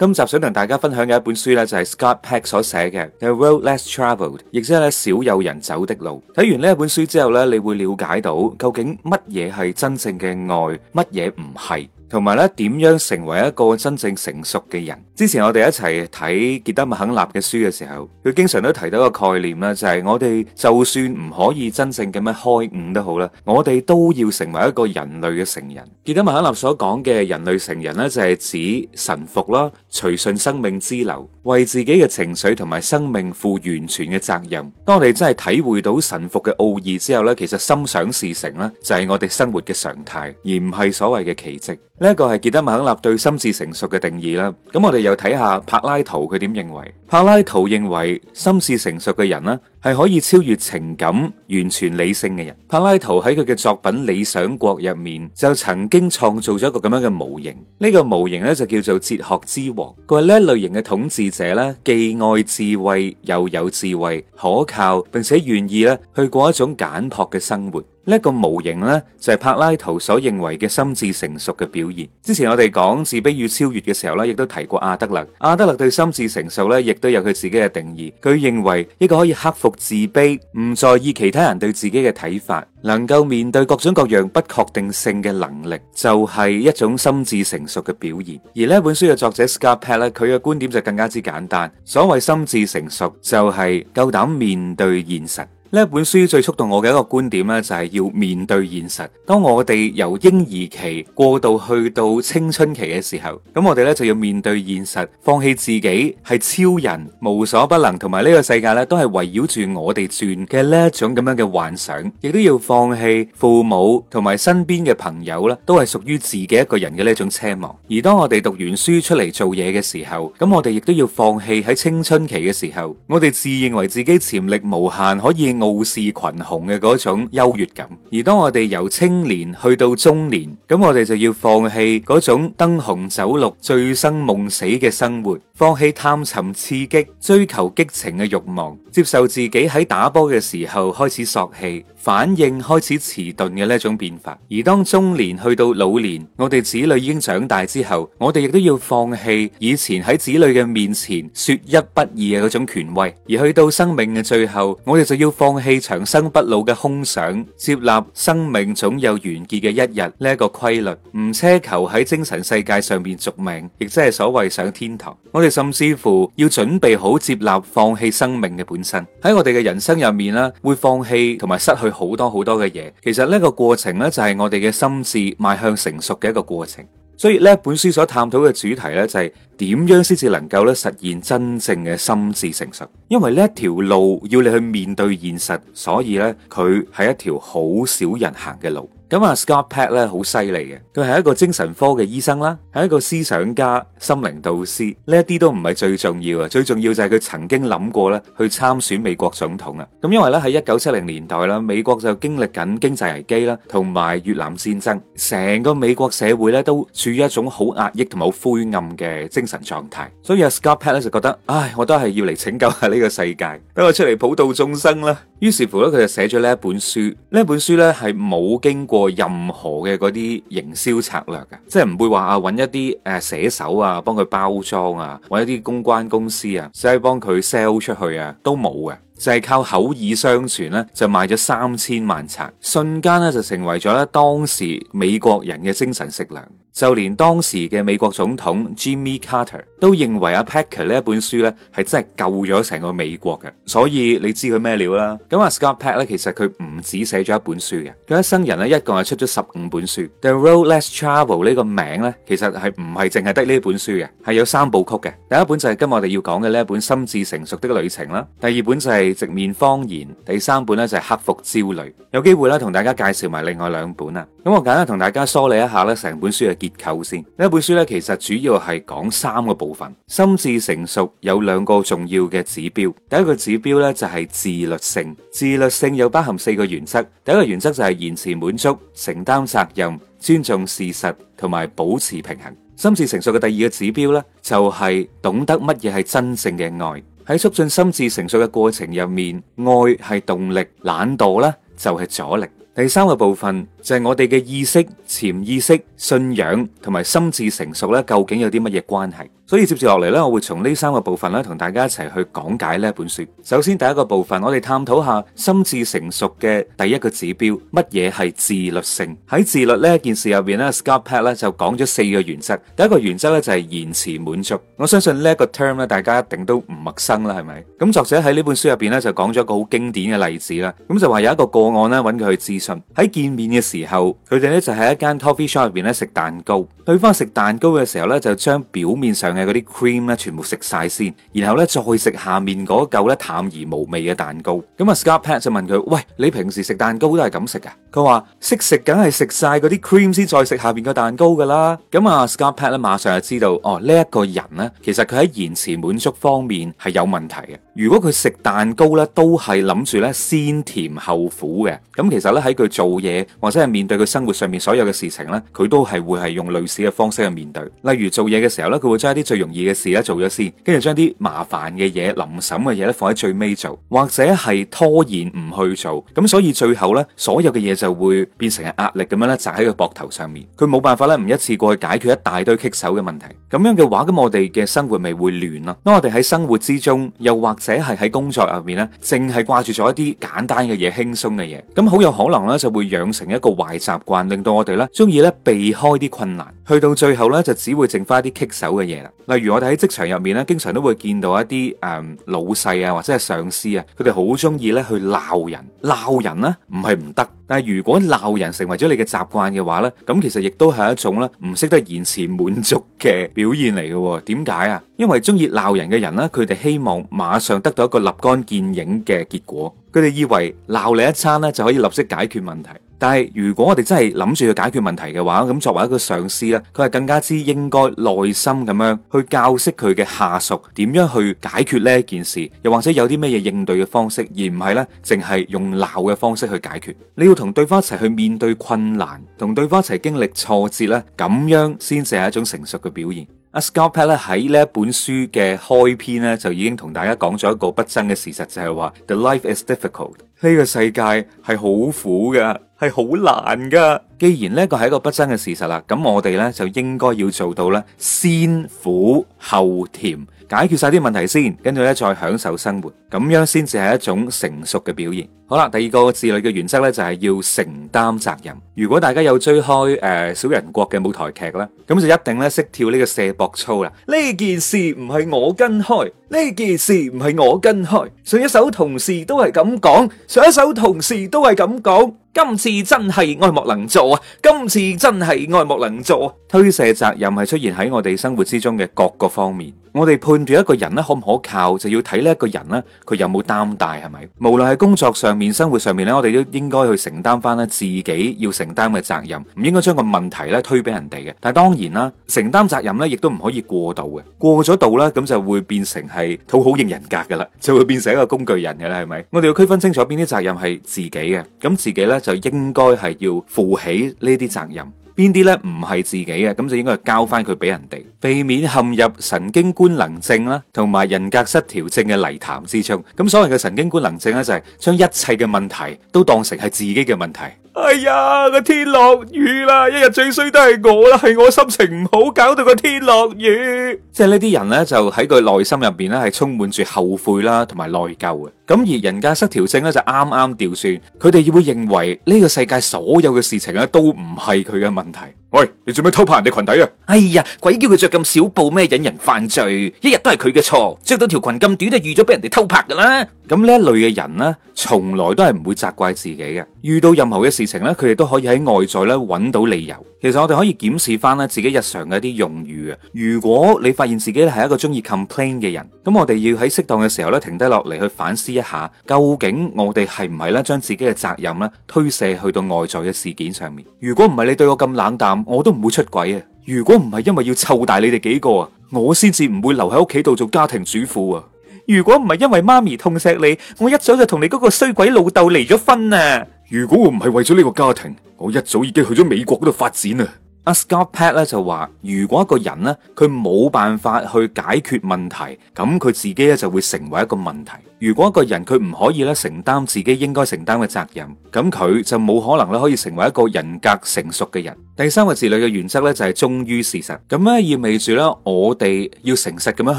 今集想同大家分享嘅一本書咧，就係 Scott Peck 所寫嘅《The World Less Traveled》，亦即係少有人走的路。睇完呢本書之後咧，你會了解到究竟乜嘢係真正嘅愛，乜嘢唔係。同埋咧，點樣成為一個真正成熟嘅人？之前我哋一齊睇傑德麥肯納嘅書嘅時候，佢經常都提到一個概念啦，就係我哋就算唔可以真正咁樣開悟都好啦，我哋都要成為一個人類嘅成人。傑德麥肯納所講嘅人類成人咧，就係指臣服啦，隨順生命之流。為自己嘅情緒同埋生命負完全嘅責任。當我哋真係體會到神服嘅奧義之後咧，其實心想事成咧就係我哋生活嘅常態，而唔係所謂嘅奇跡。呢一個係傑德馬肯納對心智成熟嘅定義啦。咁我哋又睇下柏拉圖佢點認為。柏拉圖認為心智成熟嘅人咧。係可以超越情感、完全理性嘅人。柏拉圖喺佢嘅作品《理想國》入面就曾經創造咗一個咁樣嘅模型。呢個模型咧就叫做哲學之王。佢係呢一類型嘅統治者咧，既愛智慧又有智慧，可靠，並且願意咧去過一種簡樸嘅生活。呢一個模型咧，就係柏拉圖所認為嘅心智成熟嘅表現。之前我哋講自卑與超越嘅時候咧，亦都提過阿德勒。阿德勒對心智成熟咧，亦都有佢自己嘅定義。佢認為一個可以克服自卑、唔在意其他人對自己嘅睇法、能夠面對各種各樣不確定性嘅能力，就係一種心智成熟嘅表現。而呢本書嘅作者 Scott Peck 咧，佢嘅觀點就更加之簡單。所謂心智成熟，就係夠膽面對現實。呢一本書最觸動我嘅一個觀點咧，就係要面對現實。當我哋由嬰兒期過渡去到青春期嘅時候，咁我哋咧就要面對現實，放棄自己係超人、無所不能，同埋呢個世界咧都係圍繞住我哋轉嘅呢一種咁樣嘅幻想，亦都要放棄父母同埋身邊嘅朋友啦，都係屬於自己一個人嘅呢一種奢望。而當我哋讀完書出嚟做嘢嘅時候，咁我哋亦都要放棄喺青春期嘅時候，我哋自認為自己潛力無限，可以。傲視群雄嘅嗰種優越感，而當我哋由青年去到中年，咁我哋就要放棄嗰種燈紅酒綠、醉生夢死嘅生活，放棄探尋刺激、追求激情嘅慾望，接受自己喺打波嘅時候開始索氣，反應開始遲鈍嘅呢一種變化，而當中年去到老年，我哋子女已經長大之後，我哋亦都要放棄以前喺子女嘅面前說一不二嘅嗰種權威，而去到生命嘅最後，我哋就要放棄長生不老嘅空想，接納生命總有完結嘅一日呢一個規律，唔奢求喺精神世界上面續命，亦即係所謂上天堂。我哋甚至乎要準備好接納放棄生命嘅本身，喺我哋嘅人生入面啦，會放棄同埋失去好多好多嘅嘢，其實呢個過程咧就係我哋嘅心智邁向成熟嘅一個過程。所以呢本書所探討嘅主題咧就係點樣先至能夠咧實現真正嘅心智成熟。因為呢一條路要你去面對現實，所以咧佢係一條好少人行嘅路。咁啊，Scott Pat 咧好犀利嘅，佢係一個精神科嘅醫生啦，係一個思想家、心靈導師。呢一啲都唔係最重要啊，最重要就係佢曾經諗過咧去參選美國總統啊。咁因為咧喺一九七零年代啦，美國就經歷緊經濟危機啦，同埋越南戰爭，成個美國社會咧都處於一種好壓抑同埋好灰暗嘅精神狀態。所以啊，Scott Pat 咧就覺得，唉，我都係要嚟拯救下呢個世界，等我出嚟普度眾生啦。於是乎咧，佢就寫咗呢一本書。呢一本書咧係冇經過。過任何嘅嗰啲營銷策略嘅，即係唔會話啊揾一啲誒寫手啊幫佢包裝啊，揾一啲公關公司啊，即係幫佢 sell 出去啊，都冇嘅。就係靠口耳相傳咧，就賣咗三千萬冊，瞬間咧就成為咗當時美國人嘅精神食糧。就連當時嘅美國總統 Jimmy Carter 都認為阿 Peck 呢一本書咧係真係救咗成個美國嘅。所以你知佢咩料啦？咁阿 Scott Peck 咧其實佢唔止寫咗一本書嘅，佢一生人咧一共係出咗十五本書。但 Road Less Travel 呢個名咧其實係唔係淨係得呢本書嘅，係有三部曲嘅。第一本就係今日我哋要講嘅呢一本心智成熟的旅程啦，第二本就係、是。直面謊言，第三本咧就係克服焦慮，有機會咧同大家介紹埋另外兩本啊。咁我簡單同大家梳理一下咧，成本書嘅結構先。呢一本書咧，其實主要係講三個部分。心智成熟有兩個重要嘅指標，第一個指標咧就係自律性，自律性又包含四個原則。第一個原則就係延遲滿足、承擔責任、尊重事實同埋保持平衡。心智成熟嘅第二個指標咧，就係懂得乜嘢係真正嘅愛。喺促進心智成熟嘅過程入面，愛係動力，懶惰咧就係阻力。第三個部分就係我哋嘅意識、潛意識、信仰同埋心智成熟咧，究竟有啲乜嘢關係？所以接住落嚟咧，我會從呢三個部分咧，同大家一齊去講解呢一本書。首先第一個部分，我哋探討下心智成熟嘅第一個指標，乜嘢係自律性？喺自律呢一件事入邊咧，Scott Peck 咧就講咗四個原則。第一個原則咧就係延遲滿足。我相信呢一個 term 咧，大家一定都唔陌生啦，係咪？咁作者喺呢本書入邊咧就講咗一個好經典嘅例子啦。咁就話有一個個案揾佢去諮詢。喺見面嘅時候，佢哋咧就喺一間 coffee shop 入邊咧食蛋糕。對方食蛋糕嘅時候咧，就將表面上。誒，嗰啲 cream 咧，全部食晒先，然後咧再食下面嗰嚿咧淡而無味嘅蛋糕。咁啊 Scott Pat 就問佢，喂，你平時食蛋糕都係咁食噶？佢話識食梗係食晒嗰啲 cream 先，再食下面個蛋糕噶啦。咁啊 Scott Pat 咧馬上就知道，哦，呢一個人咧，其實佢喺延遲滿足方面係有問題嘅。如果佢食蛋糕呢，都係諗住呢先甜後苦嘅。咁其實呢喺佢做嘢或者係面對佢生活上面所有嘅事情呢，佢都係會係用類似嘅方式去面對。例如做嘢嘅時候呢，佢會將一啲最容易嘅事呢做咗先，跟住將啲麻煩嘅嘢、臨審嘅嘢呢放喺最尾做，或者係拖延唔去做。咁所以最後呢，所有嘅嘢就會變成係壓力咁樣呢，砸喺佢膊頭上面。佢冇辦法咧，唔一次過去解決一大堆棘手嘅問題。咁樣嘅話，咁我哋嘅生活咪會亂咯。當我哋喺生活之中，又或或者係喺工作入面咧，淨係掛住咗一啲簡單嘅嘢、輕鬆嘅嘢，咁好有可能咧就會養成一個壞習慣，令到我哋咧中意咧避開啲困難。去到最後呢，就只會剩翻一啲棘手嘅嘢啦。例如我哋喺職場入面呢，經常都會見到一啲誒、嗯、老細啊，或者係上司啊，佢哋好中意呢去鬧人。鬧人呢唔係唔得，但係如果鬧人成為咗你嘅習慣嘅話呢，咁其實亦都係一種呢唔識得延遲滿足嘅表現嚟嘅、哦。點解啊？因為中意鬧人嘅人呢，佢哋希望馬上得到一個立竿見影嘅結果。佢哋以為鬧你一餐呢就可以立即解決問題。但係，如果我哋真係諗住去解決問題嘅話，咁作為一個上司咧，佢係更加之應該耐心咁樣去教識佢嘅下屬點樣去解決呢一件事，又或者有啲咩嘢應對嘅方式，而唔係咧淨係用鬧嘅方式去解決。你要同對方一齊去面對困難，同對方一齊經歷挫折呢，咁樣先至係一種成熟嘅表現。阿 Scott Peck 咧喺呢一本書嘅開篇呢，就已經同大家講咗一個不爭嘅事實，就係話 The life is difficult，呢個世界係好苦噶。係好難噶，既然呢個係一個不爭嘅事實啦，咁我哋呢，就應該要做到呢：先苦後甜。解決晒啲問題先，跟住咧再享受生活，咁樣先至係一種成熟嘅表現。好啦，第二個自律嘅原則呢，就係要承擔責任。如果大家有追開誒、呃、小人國嘅舞台劇啦，咁就一定咧識跳呢個卸膊操啦。呢件事唔係我跟開，呢件事唔係我跟開。上一手同事都係咁講，上一手同事都係咁講。今次真係愛莫能助啊！今次真係愛莫能助啊！推卸責任係出現喺我哋生活之中嘅各個方面。我哋判斷一個人咧可唔可靠，就要睇呢一個人咧，佢有冇擔戴，係咪？無論係工作上面、生活上面咧，我哋都應該去承擔翻咧自己要承擔嘅責任，唔應該將個問題咧推俾人哋嘅。但係當然啦，承擔責任咧亦都唔可以過度嘅，過咗度咧咁就會變成係討好型人格噶啦，就會變成一個工具人噶啦，係咪？我哋要區分清楚邊啲責任係自己嘅，咁自己咧就應該係要負起呢啲責任。邊啲咧唔係自己嘅，咁就應該交翻佢俾人哋，避免陷入神經官能症啦，同埋人格失調症嘅泥潭之中。咁所謂嘅神經官能症咧，就係將一切嘅問題都當成係自己嘅問題。哎呀，個天落雨啦！一日最衰都係我啦，係我心情唔好，搞到個天落雨。即係呢啲人呢，就喺佢內心入面呢，係充滿住後悔啦，同埋內疚嘅。咁而人格失調症咧，就啱啱調轉，佢哋要會認為呢個世界所有嘅事情咧，都唔係佢嘅問題。喂，你做咩偷拍人哋裙底啊？哎呀，鬼叫佢着咁少布咩，引人犯罪，一日都係佢嘅錯，着到條裙咁短就預咗俾人哋偷拍噶啦。咁呢一類嘅人呢，從來都係唔會責怪自己嘅，遇到任何嘅事情呢，佢哋都可以喺外在呢揾到理由。其實我哋可以檢視翻呢自己日常嘅一啲用語啊。如果你發現自己咧係一個中意 complain 嘅人，咁我哋要喺適當嘅時候呢停低落嚟去反思一下，究竟我哋係唔係呢將自己嘅責任呢推卸去到外在嘅事件上面？如果唔係你對我咁冷淡，我都唔會出軌啊！如果唔係因為要湊大你哋幾個啊，我先至唔會留喺屋企度做家庭主婦啊！如果唔係因為媽咪痛錫你，我一早就同你嗰個衰鬼老豆離咗婚啊！如果我唔係為咗呢個家庭，我一早已經去咗美國嗰度發展啊。阿 Scott Peck 咧就話，如果一個人咧，佢冇辦法去解決問題，咁佢自己咧就會成為一個問題。如果一個人佢唔可以咧承擔自己應該承擔嘅責任，咁佢就冇可能咧可以成為一個人格成熟嘅人。第三個自律嘅原則咧就係忠於事實，咁咧意味住咧我哋要誠實咁樣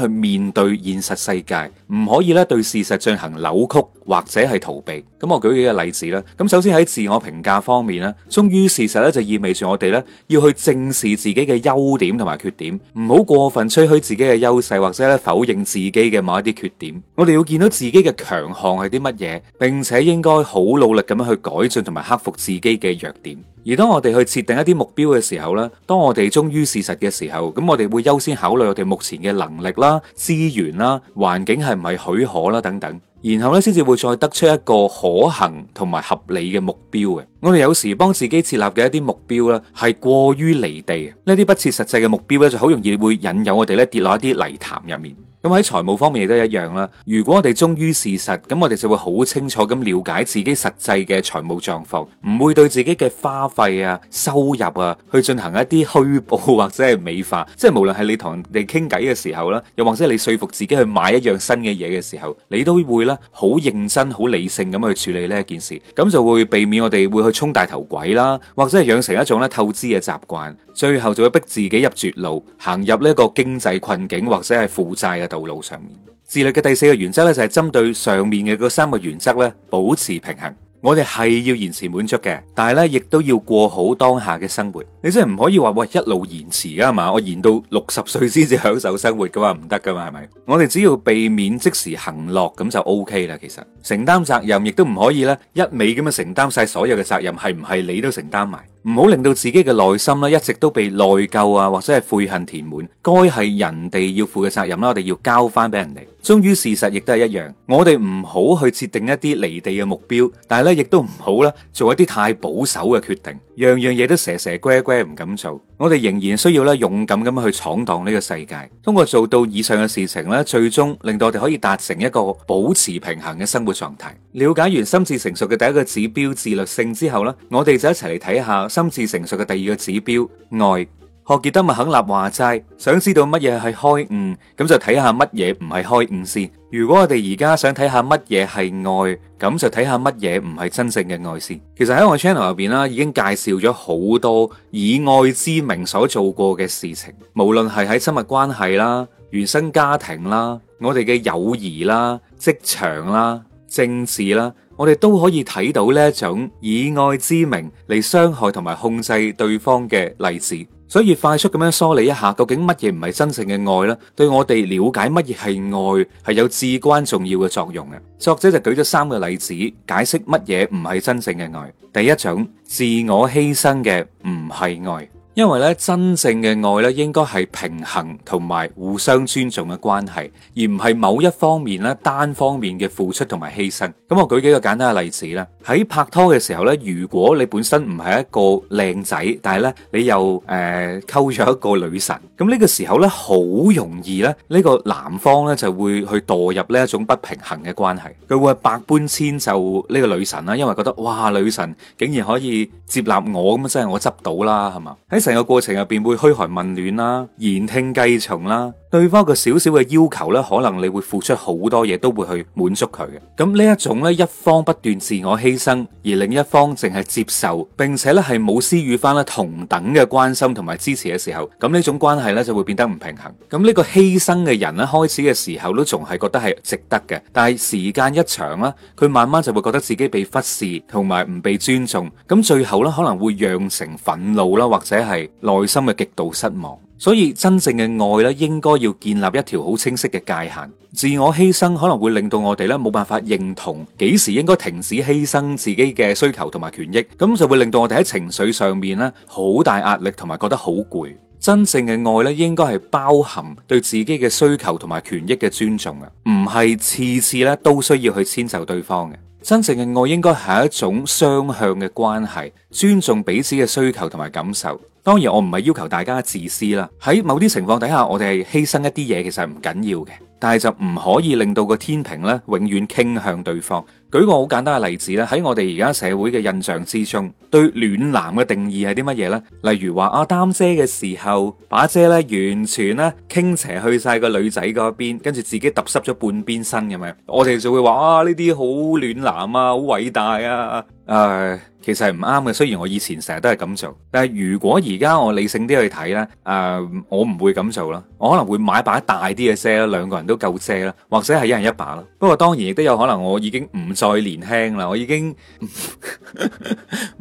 去面對現實世界，唔可以咧對事實進行扭曲。或者係逃避咁，我舉幾個例子啦。咁首先喺自我評價方面啦，忠於事實咧就意味住我哋咧要去正視自己嘅優點同埋缺點，唔好過分吹噓自己嘅優勢，或者咧否認自己嘅某一啲缺點。我哋要見到自己嘅強項係啲乜嘢，並且應該好努力咁樣去改進同埋克服自己嘅弱點。而當我哋去設定一啲目標嘅時候咧，當我哋忠於事實嘅時候，咁我哋會優先考慮我哋目前嘅能力啦、資源啦、環境係唔係許可啦等等。然後咧，先至會再得出一個可行同埋合理嘅目標嘅。我哋有時幫自己設立嘅一啲目標咧，係過於離地。呢啲不切實際嘅目標咧，就好容易會引誘我哋咧跌落一啲泥潭入面。咁喺財務方面亦都一樣啦。如果我哋忠於事實，咁我哋就會好清楚咁了解自己實際嘅財務狀況，唔會對自己嘅花費啊、收入啊，去進行一啲虛報或者係美化。即係無論係你同人哋傾偈嘅時候啦，又或者你說服自己去買一樣新嘅嘢嘅時候，你都會咧好認真、好理性咁去處理呢一件事，咁就會避免我哋會去。充大頭鬼啦，或者係養成一種咧透支嘅習慣，最後就會逼自己入絕路，行入呢一個經濟困境或者係負債嘅道路上面。自律嘅第四個原則咧就係針對上面嘅嗰三個原則咧保持平衡。我哋係要延遲滿足嘅，但係咧亦都要過好當下嘅生活。你真係唔可以話，喂，一路延遲啊嘛，我延到六十歲先至享受生活噶嘛，唔得噶嘛，係咪？我哋只要避免即時行樂，咁就 OK 啦。其實承擔責任亦都唔可以咧，一味咁樣承擔晒所有嘅責任，係唔係你都承擔埋？唔好令到自己嘅內心咧一直都被內疚啊或者係悔恨填滿。該係人哋要負嘅責任啦，我哋要交翻俾人哋。終於事實亦都係一樣，我哋唔好去設定一啲離地嘅目標，但係咧亦都唔好啦，做一啲太保守嘅決定，樣樣嘢都蛇蛇龜.咩唔敢做？我哋仍然需要咧勇敢咁去闖蕩呢個世界。通過做到以上嘅事情咧，最終令到我哋可以達成一個保持平衡嘅生活狀態。了解完心智成熟嘅第一個指標自律性之後咧，我哋就一齊嚟睇下心智成熟嘅第二個指標愛。柯杰德麥肯納話齋，想知道乜嘢係開悟，咁就睇下乜嘢唔係開悟先。如果我哋而家想睇下乜嘢係愛，咁就睇下乜嘢唔係真正嘅愛先。其實喺我 channel 入邊啦，已經介紹咗好多以愛之名所做過嘅事情，無論係喺親密關係啦、原生家庭啦、我哋嘅友誼啦、職場啦、政治啦，我哋都可以睇到呢一種以愛之名嚟傷害同埋控制對方嘅例子。所以快速咁樣梳理一下，究竟乜嘢唔係真正嘅愛咧？對我哋了解乜嘢係愛係有至關重要嘅作用嘅。作者就舉咗三個例子，解釋乜嘢唔係真正嘅愛。第一種，自我犧牲嘅唔係愛。因為咧，真正嘅愛咧，應該係平衡同埋互相尊重嘅關係，而唔係某一方面咧單方面嘅付出同埋犧牲。咁我舉幾個簡單嘅例子啦。喺拍拖嘅時候咧，如果你本身唔係一個靚仔，但係咧你又誒溝咗一個女神，咁呢個時候咧好容易咧呢個男方咧就會去墮入呢一種不平衡嘅關係，佢會百般遷就呢個女神啦，因為覺得哇女神竟然可以接納我咁，即係我執到啦，係嘛？成個過程入邊會噓寒問暖啦，言聽計從啦，對方一個小小嘅要求咧，可能你會付出好多嘢，都會去滿足佢嘅。咁呢一種咧，一方不斷自我犧牲，而另一方淨係接受，並且咧係冇施予翻咧同等嘅關心同埋支持嘅時候，咁呢種關係咧就會變得唔平衡。咁呢個犧牲嘅人咧，開始嘅時候都仲係覺得係值得嘅，但係時間一長啦，佢慢慢就會覺得自己被忽視同埋唔被尊重。咁最後咧可能會釀成憤怒啦，或者係。係內心嘅極度失望，所以真正嘅愛咧，應該要建立一條好清晰嘅界限。自我犧牲可能會令到我哋咧冇辦法認同，幾時應該停止犧牲自己嘅需求同埋權益，咁就會令到我哋喺情緒上面咧好大壓力，同埋覺得好攰。真正嘅愛咧，應該係包含對自己嘅需求同埋權益嘅尊重啊，唔係次次咧都需要去遷就對方嘅。真正嘅愛應該係一種雙向嘅關係，尊重彼此嘅需求同埋感受。當然，我唔係要求大家自私啦。喺某啲情況底下，我哋係犧牲一啲嘢，其實係唔緊要嘅。但係就唔可以令到個天平咧永遠傾向對方。舉個好簡單嘅例子咧，喺我哋而家社會嘅印象之中，對暖男嘅定義係啲乜嘢呢？例如話啊，擔遮嘅時候把遮咧完全咧傾斜去晒個女仔嗰邊，跟住自己揼濕咗半邊身咁樣，我哋就會話啊呢啲好暖男啊，好偉大啊！誒，其實係唔啱嘅。雖然我以前成日都係咁做，但係如果而家我理性啲去睇呢，誒，我唔會咁做啦。我可能會買把大啲嘅遮啦，兩個人都夠遮啦，或者係一人一把啦。不過當然亦都有可能，我已經唔再年輕啦，我已經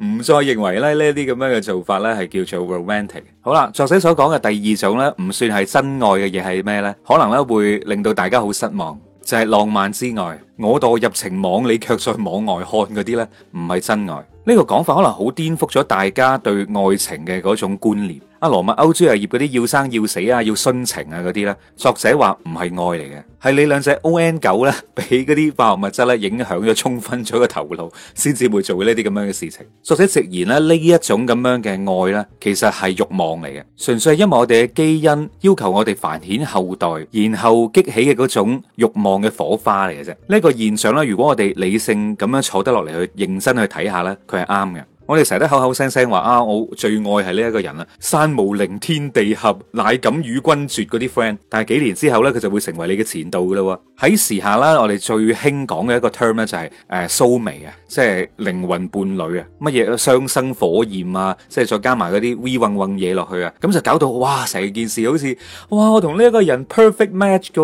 唔再認為咧呢啲咁樣嘅做法呢係叫做 romantic。好啦，作者所講嘅第二種呢，唔算係真愛嘅嘢係咩呢？可能呢會令到大家好失望。就係浪漫之外，我墮入情網，你卻在網外看嗰啲咧，唔係真愛。呢個講法可能好顛覆咗大家對愛情嘅嗰種觀念。阿羅密歐朱麗葉嗰啲要生要死啊，要殉情啊嗰啲呢，作者話唔係愛嚟嘅，係你兩隻 O N 九咧，俾嗰啲化學物質咧影響咗，衝昏咗個頭腦，先至會做呢啲咁樣嘅事情。作者直言咧，呢一種咁樣嘅愛呢，其實係欲望嚟嘅，純粹係因為我哋嘅基因要求我哋繁衍後代，然後激起嘅嗰種欲望嘅火花嚟嘅啫。呢一個現象咧，如果我哋理性咁樣坐得落嚟去認真去睇下呢。係啱嘅，我哋成日都口口聲聲話啊，我最愛係呢一個人啊，山無陵，天地合，乃敢與君絕嗰啲 friend。但係幾年之後呢，佢就會成為你嘅前度噶咯喎。喺時下啦，我哋最興講嘅一個 term 呢、就是，就係誒，蘇眉啊，即係靈魂伴侶啊，乜嘢雙生火焰啊，即係再加埋嗰啲 we 揾揾嘢落去啊，咁就搞到哇，成件事好似哇，我同呢一個人 perfect match 噶，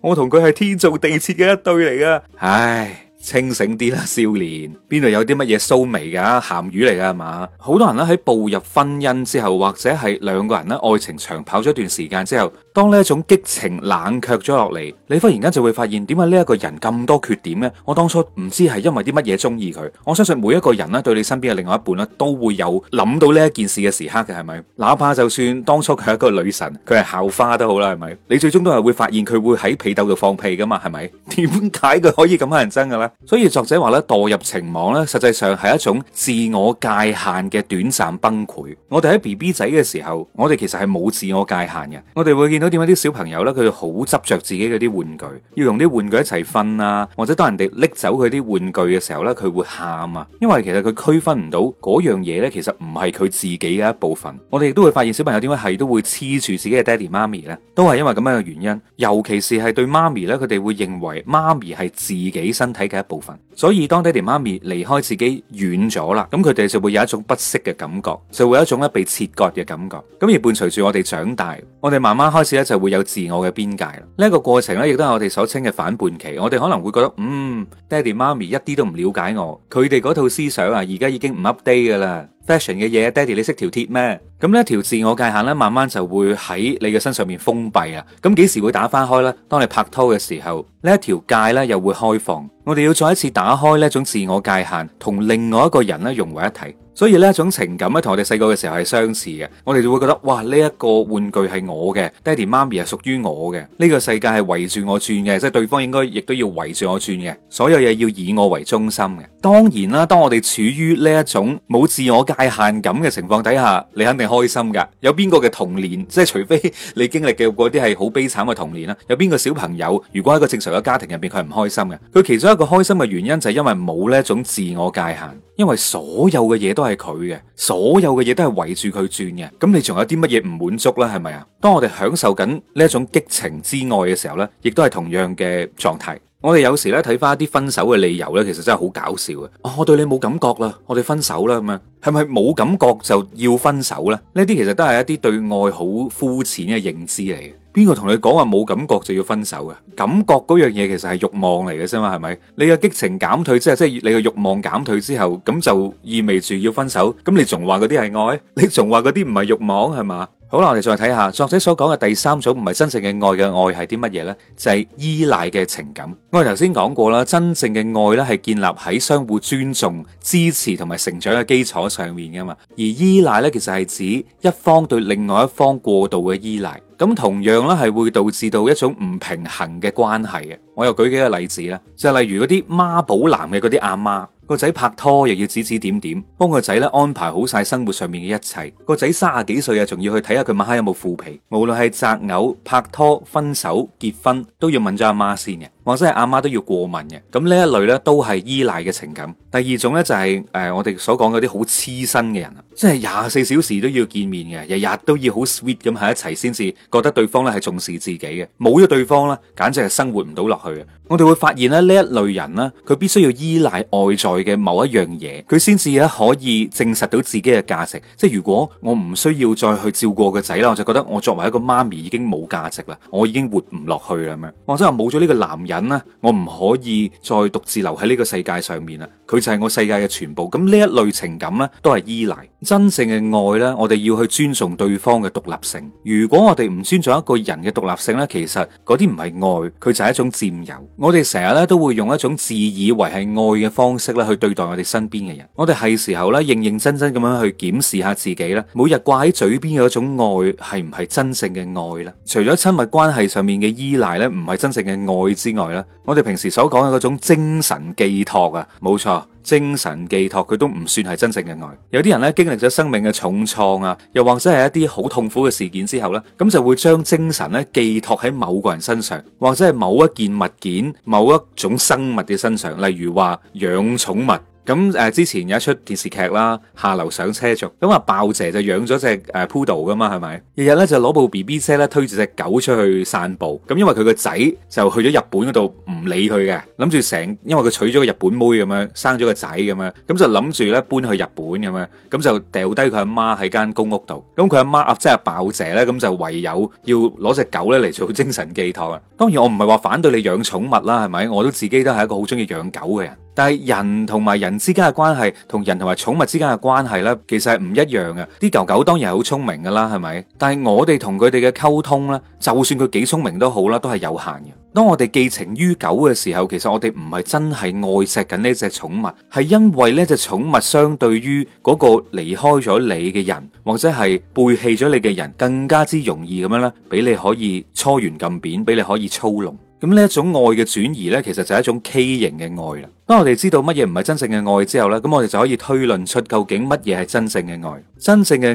我同佢係天造地設嘅一對嚟噶，唉。清醒啲啦，少年，邊度有啲乜嘢蘇眉㗎？鹹魚嚟㗎係嘛？好多人咧，喺步入婚姻之後，或者係兩個人咧，愛情長跑咗一段時間之後，當呢一種激情冷卻咗落嚟，你忽然間就會發現，點解呢一個人咁多缺點呢？我當初唔知係因為啲乜嘢中意佢。我相信每一個人咧，對你身邊嘅另外一半咧，都會有諗到呢一件事嘅時刻嘅，係咪？哪怕就算當初佢係一個女神，佢係校花都好啦，係咪？你最終都係會發現佢會喺被竇度放屁噶嘛，係咪？點解佢可以咁乞人憎噶呢？所以作者話呢，墮入情網呢，實際上係一種自我界限嘅短暫崩潰。我哋喺 B B 仔嘅時候，我哋其實係冇自我界限嘅，我哋會見。你睇點解啲小朋友咧，佢哋好執着自己嗰啲玩具，要用啲玩具一齊瞓啊，或者當人哋拎走佢啲玩具嘅時候咧，佢會喊啊，因為其實佢區分唔到嗰樣嘢咧，其實唔係佢自己嘅一部分。我哋亦都會發現小朋友點解係都會黐住自己嘅爹哋媽咪咧，都係因為咁樣嘅原因。尤其是係對媽咪咧，佢哋會認為媽咪係自己身體嘅一部分。所以當爹哋媽咪離開自己遠咗啦，咁佢哋就會有一種不適嘅感覺，就會有一種咧被切割嘅感覺。咁而伴隨住我哋長大，我哋慢慢開始。就會有自我嘅邊界啦。呢個過程咧，亦都係我哋所稱嘅反叛期。我哋可能會覺得，嗯，爹哋媽咪一啲都唔了解我，佢哋嗰套思想啊，而家已經唔 update 噶啦。fashion 嘅嘢，爹哋你識條鐵咩？咁呢一條自我界限咧，慢慢就會喺你嘅身上面封閉啦。咁、啊、幾時會打翻開呢？當你拍拖嘅時候，呢一條界咧又會開放。我哋要再一次打開呢一種自我界限，同另外一個人咧融為一體。所以呢一種情感呢，呢同我哋細個嘅時候係相似嘅。我哋就會覺得，哇！呢、這、一個玩具係我嘅，爹哋媽咪係屬於我嘅。呢、這個世界係圍住我轉嘅，即係對方應該亦都要圍住我轉嘅。所有嘢要以我為中心嘅。當然啦，當我哋處於呢一種冇自我界限感嘅情況底下，你肯定開心噶，有邊個嘅童年，即係除非你經歷嘅嗰啲係好悲慘嘅童年啦。有邊個小朋友，如果喺一個正常嘅家庭入邊，佢係唔開心嘅。佢其中一個開心嘅原因就係因為冇呢一種自我界限，因為所有嘅嘢都係佢嘅，所有嘅嘢都係圍住佢轉嘅。咁你仲有啲乜嘢唔滿足啦？係咪啊？當我哋享受緊呢一種激情之愛嘅時候呢，亦都係同樣嘅狀態。我哋有時咧睇翻，一啲分手嘅理由咧，其實真係好搞笑嘅。哦，我對你冇感覺啦，我哋分手啦咁啊，係咪冇感覺就要分手咧？呢啲其實都係一啲對愛好膚淺嘅認知嚟嘅。邊個同你講話冇感覺就要分手呀？感覺嗰樣嘢其實係慾望嚟嘅啫嘛，係咪？你嘅激情減退之後，即係你嘅慾望減退之後，咁就意味住要分手。咁你仲話嗰啲係愛？你仲話嗰啲唔係慾望係嘛？好啦，我哋再睇下作者所講嘅第三種唔係真正嘅愛嘅愛係啲乜嘢呢？就係依賴嘅情感。我哋頭先講過啦，真正嘅愛呢係建立喺相互尊重、支持同埋成長嘅基礎上面噶嘛。而依賴呢其實係指一方對另外一方過度嘅依賴，咁同樣呢係會導致到一種唔平衡嘅關係嘅。我又舉幾個例子啦，就例如嗰啲媽寶男嘅嗰啲阿媽。個仔拍拖又要指指點點，幫個仔咧安排好晒生活上面嘅一切。個仔三十幾歲啊，仲要去睇下佢晚黑有冇腐皮。無論係擇偶、拍拖、分手、結婚，都要問咗阿媽先嘅，或者係阿媽都要過問嘅。咁呢一類咧都係依賴嘅情感。第二種咧就係、是、誒、呃，我哋所講嗰啲好黐身嘅人啊，即係廿四小時都要見面嘅，日日都要好 sweet 咁喺一齊先至覺得對方咧係重視自己嘅。冇咗對方啦，簡直係生活唔到落去。我哋會發現咧呢一類人咧，佢必須要依賴外在。嘅某一樣嘢，佢先至咧可以證實到自己嘅價值。即係如果我唔需要再去照顧個仔啦，我就覺得我作為一個媽咪已經冇價值啦，我已經活唔落去啦咁樣。或者話冇咗呢個男人咧，我唔可以再獨自留喺呢個世界上面啦。佢就係我世界嘅全部。咁呢一類情感呢，都係依賴。真正嘅愛呢，我哋要去尊重對方嘅獨立性。如果我哋唔尊重一個人嘅獨立性呢，其實嗰啲唔係愛，佢就係一種佔有。我哋成日呢，都會用一種自以為係愛嘅方式咧，去對待我哋身邊嘅人，我哋係時候咧認認真真咁樣去檢視下自己咧，每日掛喺嘴邊嘅嗰種愛係唔係真正嘅愛咧？除咗親密關係上面嘅依賴咧，唔係真正嘅愛之外咧，我哋平時所講嘅嗰種精神寄託啊，冇錯。精神寄託佢都唔算係真正嘅愛、呃，有啲人咧經歷咗生命嘅重創啊，又或者係一啲好痛苦嘅事件之後咧，咁就會將精神咧寄託喺某個人身上，或者係某一件物件、某一種生物嘅身上，例如話養寵物。咁誒之前有一出電視劇啦，下流上車族咁啊，爆姐就養咗隻誒 Poodle 噶嘛，係咪日日咧就攞部 B B 車咧推住隻狗出去散步咁，因為佢個仔就去咗日本嗰度唔理佢嘅，諗住成因為佢娶咗個日本妹咁樣生咗個仔咁樣，咁就諗住咧搬去日本咁樣，咁就掉低佢阿媽喺間公屋度，咁佢阿媽即係爆姐咧，咁就唯有要攞隻狗咧嚟做精神寄託啊！當然我唔係話反對你養寵物啦，係咪？我都自己都係一個好中意養狗嘅人。但係人同埋人之間嘅關係，同人同埋寵物之間嘅關係呢，其實係唔一樣嘅。啲狗狗當然係好聰明噶啦，係咪？但係我哋同佢哋嘅溝通呢，就算佢幾聰明都好啦，都係有限嘅。當我哋寄情於狗嘅時候，其實我哋唔係真係愛錫緊呢隻寵物，係因為呢隻寵物相對於嗰個離開咗你嘅人，或者係背棄咗你嘅人，更加之容易咁樣咧，俾你可以搓圓撳扁，俾你可以操弄。咁呢一種愛嘅轉移呢，其實就係一種畸形嘅愛啦。當我哋知道乜嘢唔係真正嘅愛之後呢，咁我哋就可以推論出究竟乜嘢係真正嘅愛。真正嘅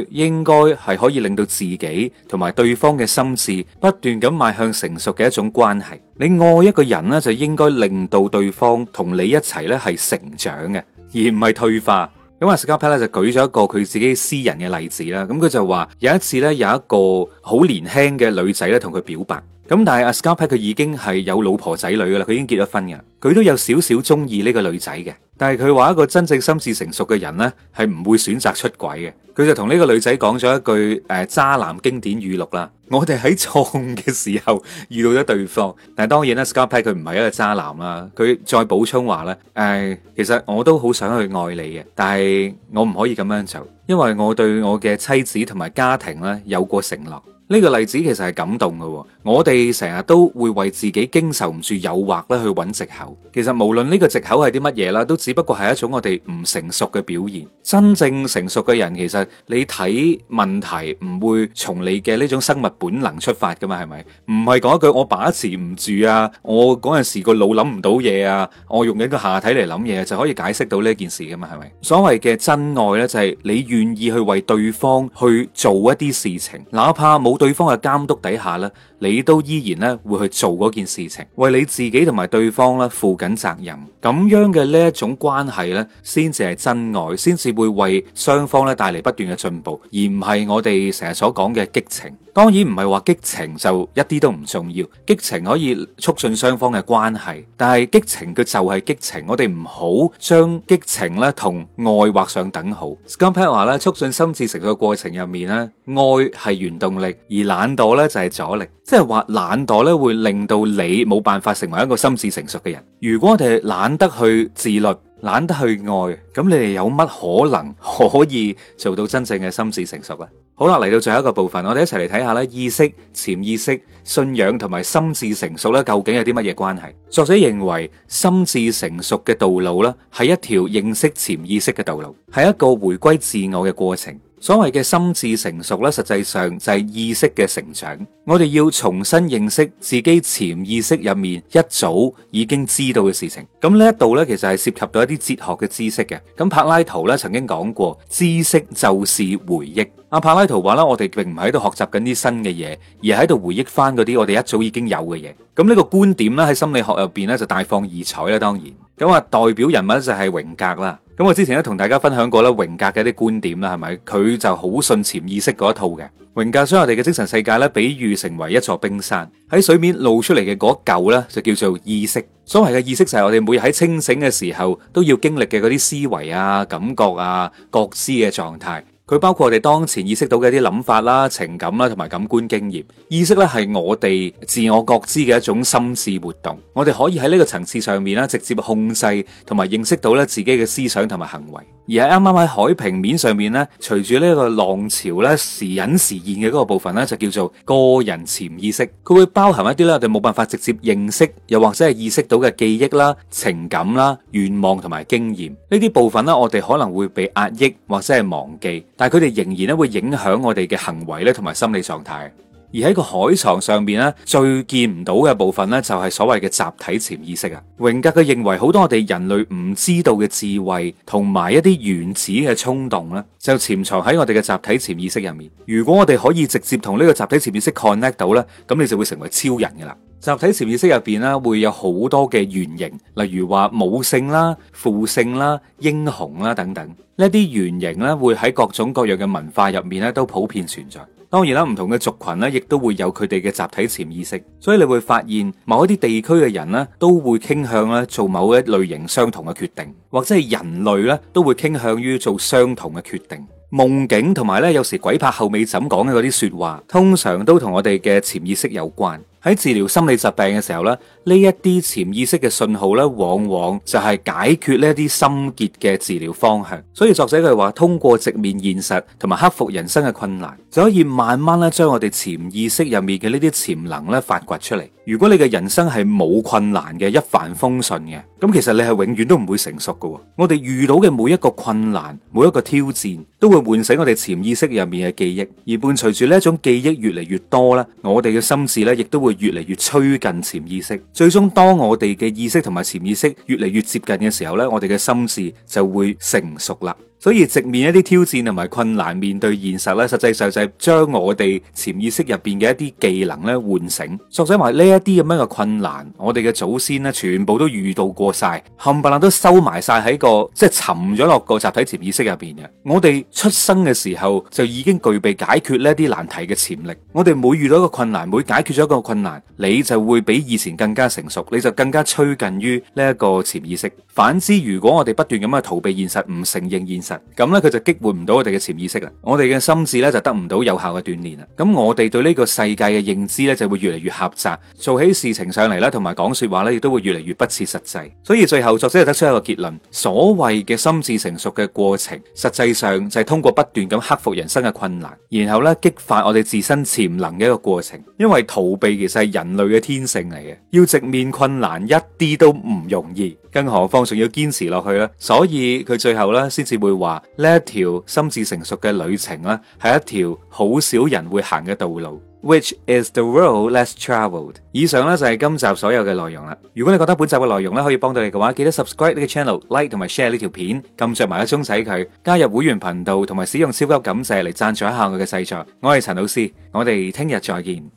愛應該係可以令到自己同埋對方嘅心智不斷咁邁向成熟嘅一種關係。你愛一個人呢，就應該令到對方同你一齊呢係成長嘅，而唔係退化。咁阿斯卡帕咧就舉咗一個佢自己私人嘅例子啦。咁佢就話有一次呢，有一個好年輕嘅女仔咧同佢表白。咁、嗯、但係阿 Scott Peck 佢已經係有老婆仔女噶啦，佢已經結咗婚噶，佢都有少少中意呢個女仔嘅。但係佢話一個真正心智成熟嘅人呢係唔會選擇出軌嘅。佢就同呢個女仔講咗一句誒、呃、渣男經典語錄啦。我哋喺錯誤嘅時候遇到咗對方，但係當然啦 Scott Peck 佢唔係一個渣男啦。佢再補充話呢，呃「誒其實我都好想去愛你嘅，但係我唔可以咁樣做，因為我對我嘅妻子同埋家庭呢有過承諾。呢個例子其實係感動嘅，我哋成日都會為自己經受唔住誘惑咧去揾藉口。其實無論呢個藉口係啲乜嘢啦，都只不過係一種我哋唔成熟嘅表現。真正成熟嘅人其實你睇問題唔會從你嘅呢種生物本能出發噶嘛，係咪？唔係講一句我把持唔住啊，我嗰陣時個腦諗唔到嘢啊，我用緊個下體嚟諗嘢就可以解釋到呢件事噶嘛，係咪？所謂嘅真愛呢，就係你願意去為對方去做一啲事情，哪怕冇，對方嘅監督底下咧，你都依然咧會去做嗰件事情，為你自己同埋對方咧負緊責任。咁樣嘅呢一種關係咧，先至係真愛，先至會為雙方咧帶嚟不斷嘅進步，而唔係我哋成日所講嘅激情。當然唔係話激情就一啲都唔重要，激情可以促進雙方嘅關係，但係激情佢就係激情，我哋唔好將激情咧同愛畫上等號。金佩話咧，促進心智成熟嘅過程入面咧，愛係原動力。而懶惰咧就係阻力，即係話懶惰咧會令到你冇辦法成為一個心智成熟嘅人。如果我哋係懶得去自律，懶得去愛，咁你哋有乜可能可以做到真正嘅心智成熟咧？好啦，嚟到最後一個部分，我哋一齊嚟睇下咧意識、潛意識、信仰同埋心智成熟咧究竟有啲乜嘢關係？作者認為心智成熟嘅道路咧係一條認識潛意識嘅道路，係一個回歸自我嘅過程。所謂嘅心智成熟咧，實際上就係意識嘅成長。我哋要重新認識自己潛意識入面一早已經知道嘅事情。咁呢一度咧，其實係涉及到一啲哲學嘅知識嘅。咁柏拉圖咧曾經講過，知識就是回憶。阿柏拉圖話啦，我哋並唔係喺度學習緊啲新嘅嘢，而喺度回憶翻嗰啲我哋一早已經有嘅嘢。咁呢個觀點咧喺心理學入邊咧就大放異彩啦。當然，咁啊代表人物就係榮格啦。咁我之前咧同大家分享過咧榮格嘅一啲觀點啦，係咪？佢就好信潛意識嗰一套嘅。榮格將我哋嘅精神世界咧比喻成為一座冰山，喺水面露出嚟嘅嗰嚿咧就叫做意識。所謂嘅意識就係我哋每日喺清醒嘅時候都要經歷嘅嗰啲思維啊、感覺啊、覺知嘅狀態。佢包括我哋當前意識到嘅一啲諗法啦、情感啦同埋感官經驗。意識咧係我哋自我覺知嘅一種心智活動，我哋可以喺呢個層次上面咧，直接控制同埋認識到咧自己嘅思想同埋行為。而喺啱啱喺海平面上面咧，隨住呢個浪潮咧時隱時現嘅嗰個部分咧，就叫做個人潛意識。佢會包含一啲咧，我哋冇辦法直接認識，又或者係意識到嘅記憶啦、情感啦、願望同埋經驗呢啲部分咧，我哋可能會被壓抑或者係忘記，但係佢哋仍然咧會影響我哋嘅行為咧同埋心理狀態。而喺個海床上邊咧，最見唔到嘅部分咧，就係所謂嘅集體潛意識啊。榮格佢認為，好多我哋人類唔知道嘅智慧同埋一啲原始嘅衝動咧，就潛藏喺我哋嘅集體潛意識入面。如果我哋可以直接同呢個集體潛意識 connect 到咧，咁你就會成為超人嘅啦！集體潛意識入邊咧，會有好多嘅原型，例如話母性啦、父性啦、英雄啦等等，呢啲原型咧，會喺各種各樣嘅文化入面咧，都普遍存在。當然啦，唔同嘅族群咧，亦都會有佢哋嘅集體潛意識，所以你會發現某一啲地區嘅人呢，都會傾向咧做某一類型相同嘅決定，或者係人類咧都會傾向於做相同嘅決定。夢境同埋咧，有時鬼拍後尾枕講嘅嗰啲說話，通常都同我哋嘅潛意識有關。喺治療心理疾病嘅時候咧，呢一啲潛意識嘅信號咧，往往就係解決呢一啲心結嘅治療方向。所以作者佢話，通過直面現實同埋克服人生嘅困難。就可以慢慢咧將我哋潛意識入面嘅呢啲潛能咧發掘出嚟。如果你嘅人生係冇困難嘅一帆風順嘅，咁其實你係永遠都唔會成熟㗎。我哋遇到嘅每一個困難，每一個挑戰，都會喚醒我哋潛意識入面嘅記憶，而伴隨住呢一種記憶越嚟越多咧，我哋嘅心智咧亦都會越嚟越趨近潛意識。最終，當我哋嘅意識同埋潛意識越嚟越接近嘅時候咧，我哋嘅心智就會成熟啦。所以直面一啲挑戰同埋困難，面對現實咧，實際上就係將我哋潛意識入邊嘅一啲技能咧喚醒。作者話呢一啲咁樣嘅困難，我哋嘅祖先咧全部都遇到過晒，冚唪唥都收埋晒喺個即係沉咗落個集體潛意識入邊嘅。我哋出生嘅時候就已經具備解決呢一啲難題嘅潛力。我哋每遇到一個困難，每解決咗一個困難，你就會比以前更加成熟，你就更加趨近於呢一個潛意識。反之，如果我哋不斷咁樣逃避現實，唔承認現實。咁咧，佢就激活唔到我哋嘅潛意識啦，我哋嘅心智咧就得唔到有效嘅鍛煉啦。咁我哋對呢個世界嘅認知咧就會越嚟越狹窄，做起事情上嚟咧同埋講說話咧亦都會越嚟越不切實際。所以最後作者就得出一個結論：所謂嘅心智成熟嘅過程，實際上就係通過不斷咁克服人生嘅困難，然後咧激發我哋自身潛能嘅一個過程。因為逃避其實係人類嘅天性嚟嘅，要直面困難一啲都唔容易。更何況仲要堅持落去啦，所以佢最後咧，先至會話呢一條心智成熟嘅旅程咧，係一條好少人會行嘅道路，which is the road less travelled。以上咧就係今集所有嘅內容啦。如果你覺得本集嘅內容咧可以幫到你嘅話，記得 subscribe 呢個 channel、like 同埋 share 呢條片，撳着埋一鐘仔佢，加入會員頻道同埋使用超級感謝嚟贊助一下我嘅製作。我係陳老師，我哋聽日再見。